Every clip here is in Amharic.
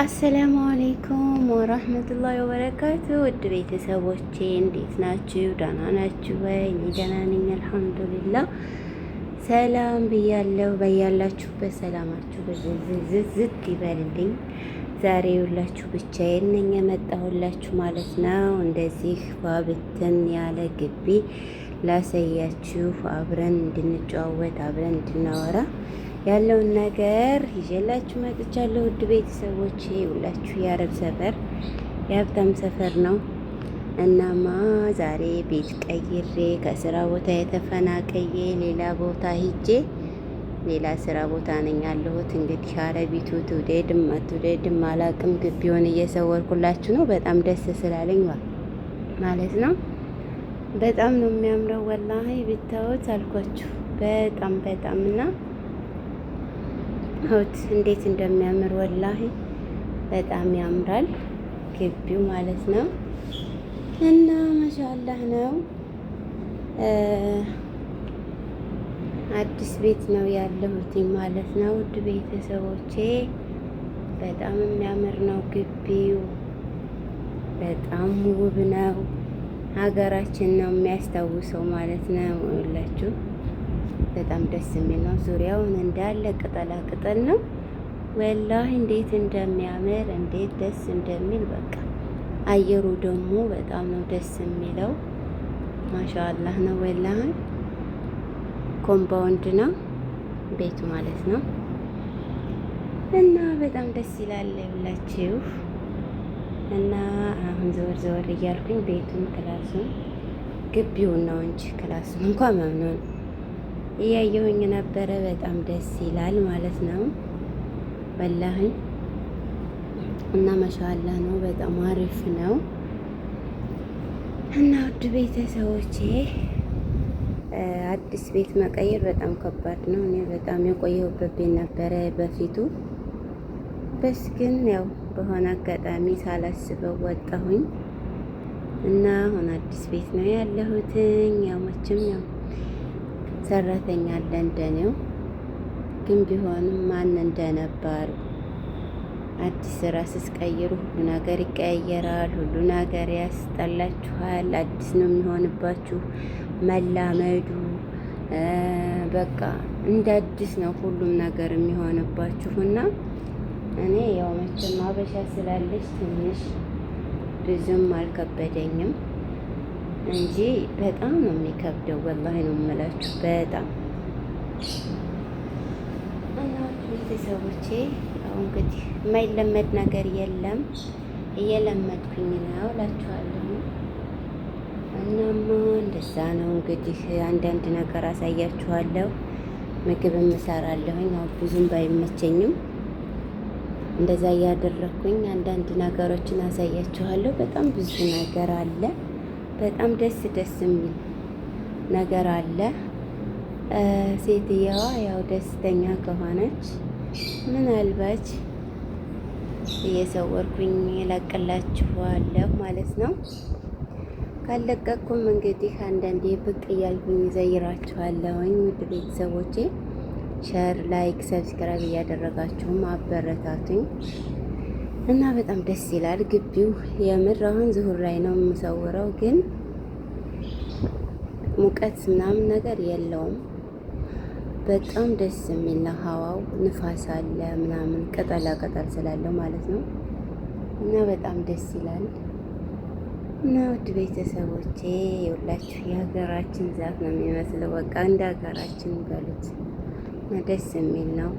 አሰላሙ አሌይኩም ወራህመቱላሂ ወበረካቱ። ውድ ቤተሰቦቼ እንዴት ናችሁ? ደህና ናችሁ ወይ? እኔ ደህና ነኝ አልሐምዱሊላህ። ሰላም ብያለሁ። በያላችሁበት ሰላማችሁ ብዝዝዝት ይበልልኝ። ዛሬ ሁላችሁ ብቻዬን ነኝ የመጣሁላችሁ ማለት ነው። እንደዚህ ባብትን ያለ ግቢ ላሳያችሁ፣ አብረን እንድንጨዋወት አብረን እንድናወራ ያለውን ነገር ይዤላችሁ መጥቻለሁ። ውድ ቤተሰቦቼ ሁላችሁ የአረብ ሰፈር የሀብታም ሰፈር ነው። እናማ ዛሬ ቤት ቀይሬ ከስራ ቦታ የተፈናቀየ ሌላ ቦታ ሂጄ ሌላ ስራ ቦታ ነኝ ያለሁት። እንግዲህ አረቢቱ ትውደድም አትውደድም አላቅም፣ ግቢውን እየሰወርኩላችሁ ነው። በጣም ደስ ስላለኝ ማለት ነው። በጣም ነው የሚያምረው። ወላሂ ብታዩት አልኳችሁ። በጣም በጣም እና ሆት እንዴት እንደሚያምር ወላሂ በጣም ያምራል ግቢው ማለት ነው። እና ማሻአላህ ነው። አዲስ ቤት ነው ያለሁት ማለት ነው። ውድ ቤተሰቦቼ በጣም የሚያምር ነው ግቢው፣ በጣም ውብ ነው። ሀገራችን ነው የሚያስታውሰው ማለት ነው። ሁላችሁ በጣም ደስ የሚል ነው። ዙሪያውን እንዳለ ቅጠላ ቅጠል ነው። ወላህ እንዴት እንደሚያምር እንዴት ደስ እንደሚል በቃ አየሩ ደግሞ በጣም ነው ደስ የሚለው። ማሻአላህ ነው ወላህ። ኮምፓውንድ ነው ቤቱ ማለት ነው እና በጣም ደስ ይላል ብላችሁ እና አሁን ዘወር ዘወር እያልኩኝ ቤቱን ክላሱን ግቢውን ነው እንጂ ክላሱን እንኳን መምነው እያየሁኝ ነበረ። በጣም ደስ ይላል ማለት ነው ወላሂ እና መሻላ ነው። በጣም አሪፍ ነው እና ውድ ቤተሰቦቼ አዲስ ቤት መቀየር በጣም ከባድ ነው። እኔ በጣም የቆየሁበት ቤት ነበረ በፊቱ በስ ግን ያው በሆነ አጋጣሚ ሳላስበው ወጣሁኝ እና አሁን አዲስ ቤት ነው ያለሁትኝ ያው መቼም ሰራተኛ ለንደኔው ግን ቢሆንም ማን እንደነባሩ አዲስ ስራ ስትቀይሩ ሁሉ ነገር ይቀያየራል። ሁሉ ነገር ያስጠላችኋል። አዲስ ነው የሚሆንባችሁ። መላመዱ በቃ እንደ አዲስ ነው ሁሉም ነገር የሚሆንባችሁና እኔ ያው መቼም አበሻ ስላለች ትንሽ ብዙም አልከበደኝም። እንጂ በጣም ነው የሚከብደው። ወላሂ ነው የምላችሁ በጣም እና ቤተሰቦቼ እንግዲህ የማይለመድ ነገር የለም እየለመድኩኝ ነው እላችኋለሁ። እናማ እንደዛ ነው እንግዲህ አንዳንድ ነገር አሳያችኋለሁ። ምግብ እምሰራለሁኝ ያው ብዙም ባይመቸኝም እንደዛ እያደረግኩኝ አንዳንድ ነገሮችን አሳያችኋለሁ። በጣም ብዙ ነገር አለ። በጣም ደስ ደስ የሚል ነገር አለ። ሴትየዋ ያው ደስተኛ ከሆነች ምናልባች እየሰወርኩኝ እለቅላችኋለሁ ማለት ነው። ካለቀኩም እንግዲህ አንዳንዴ ብቅ እያልኩኝ ዘይራችኋለሁኝ። ውድ ቤተሰቦቼ ሸር፣ ላይክ፣ ሰብስክራይብ እያደረጋችሁም አበረታቱኝ። እና በጣም ደስ ይላል ግቢው። የምር አሁን ዝሁር ላይ ነው የምሰውረው፣ ግን ሙቀት ምናምን ነገር የለውም። በጣም ደስ የሚል ነው ሀዋው፣ ንፋስ አለ ምናምን ቅጠላ ቅጠል ስላለው ማለት ነው። እና በጣም ደስ ይላል። እና ውድ ቤተሰቦቼ የሁላችሁ የሀገራችን ዛፍ ነው የሚመስለው። በቃ እንደ ሀገራችን በሉት ደስ የሚል ነው።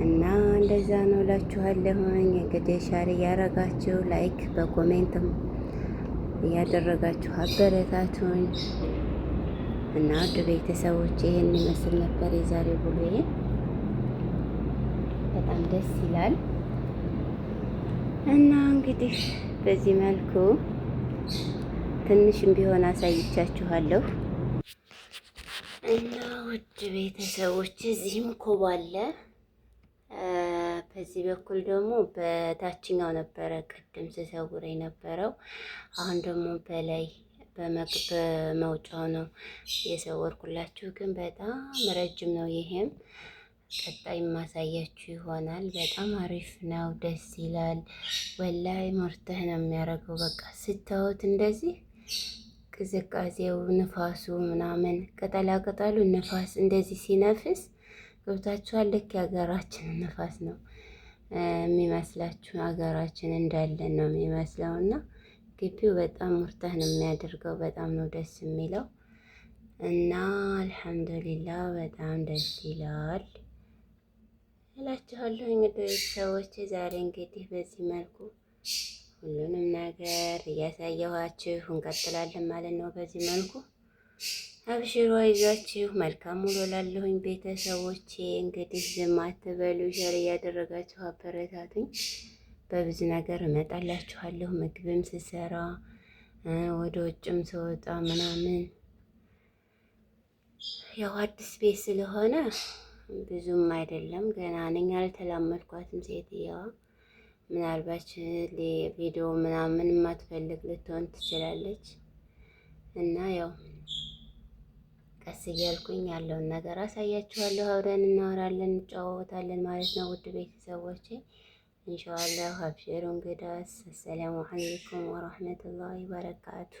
እና እንደዛ ነው እላችኋለሁኝ። እንግዲህ ሻሪ እያረጋችሁ ላይክ በኮሜንትም እያደረጋችሁ አበረታቱኝ እና ውድ ቤተሰቦች ይህን ይመስል ነበር የዛሬው ብሎዬ። በጣም ደስ ይላል እና እንግዲህ በዚህ መልኩ ትንሽም ቢሆን አሳይቻችኋለሁ እና ውድ ቤተሰቦች እዚህም ኮባ አለ። በዚህ በኩል ደግሞ በታችኛው ነበረ ቅድም ስሰውር የነበረው። አሁን ደግሞ በላይ በመውጫው ነው የሰወርኩላችሁ፣ ግን በጣም ረጅም ነው። ይሄም ቀጣይ ማሳያችሁ ይሆናል። በጣም አሪፍ ነው፣ ደስ ይላል። ወላይ ሞርተህ ነው የሚያደርገው። በቃ ስታዩት እንደዚህ ቅዝቃዜው፣ ንፋሱ ምናምን ቅጠላ ቅጠሉ ንፋስ እንደዚህ ሲነፍስ ገብታችኋል። ልክ የሀገራችንን ንፋስ ነው የሚመስላችሁ። ሀገራችን እንዳለን ነው የሚመስለው እና ግቢው በጣም ሙርተህ ነው የሚያደርገው። በጣም ነው ደስ የሚለው እና አልሐምዱሊላ በጣም ደስ ይላል እላችኋለሁ። እንግዲህ ሰዎች ዛሬ እንግዲህ በዚህ መልኩ ሁሉንም ነገር እያሳየኋችሁ እንቀጥላለን ማለት ነው በዚህ መልኩ አብሽሮ ይዛችሁ መልካም ውሎ ላለሁኝ ቤተሰቦቼ እንግዲህ ዝም አትበሉ፣ ሸር እያደረጋችሁ አበረታቱኝ። በብዙ ነገር እመጣላችኋለሁ። ምግብም ስሰራ ወደ ውጭም ስወጣ ምናምን ያው አዲስ ቤት ስለሆነ ብዙም አይደለም፣ ገና ነኝ፣ አልተላመድኳትም። ሴትየዋ ምናልባት ቪዲዮ ምናምን የማትፈልግ ልትሆን ትችላለች እና ያው ቀስ እያልኩኝ ያለውን ነገር አሳያችኋለሁ። አብረን እናወራለን፣ እንጫወታለን ማለት ነው። ውድ ቤተሰቦች ኢንሻአላህ አብሽሩ። እንግዳስ አሰላሙ አለይኩም ወራህመቱላሂ ወበረካቱ።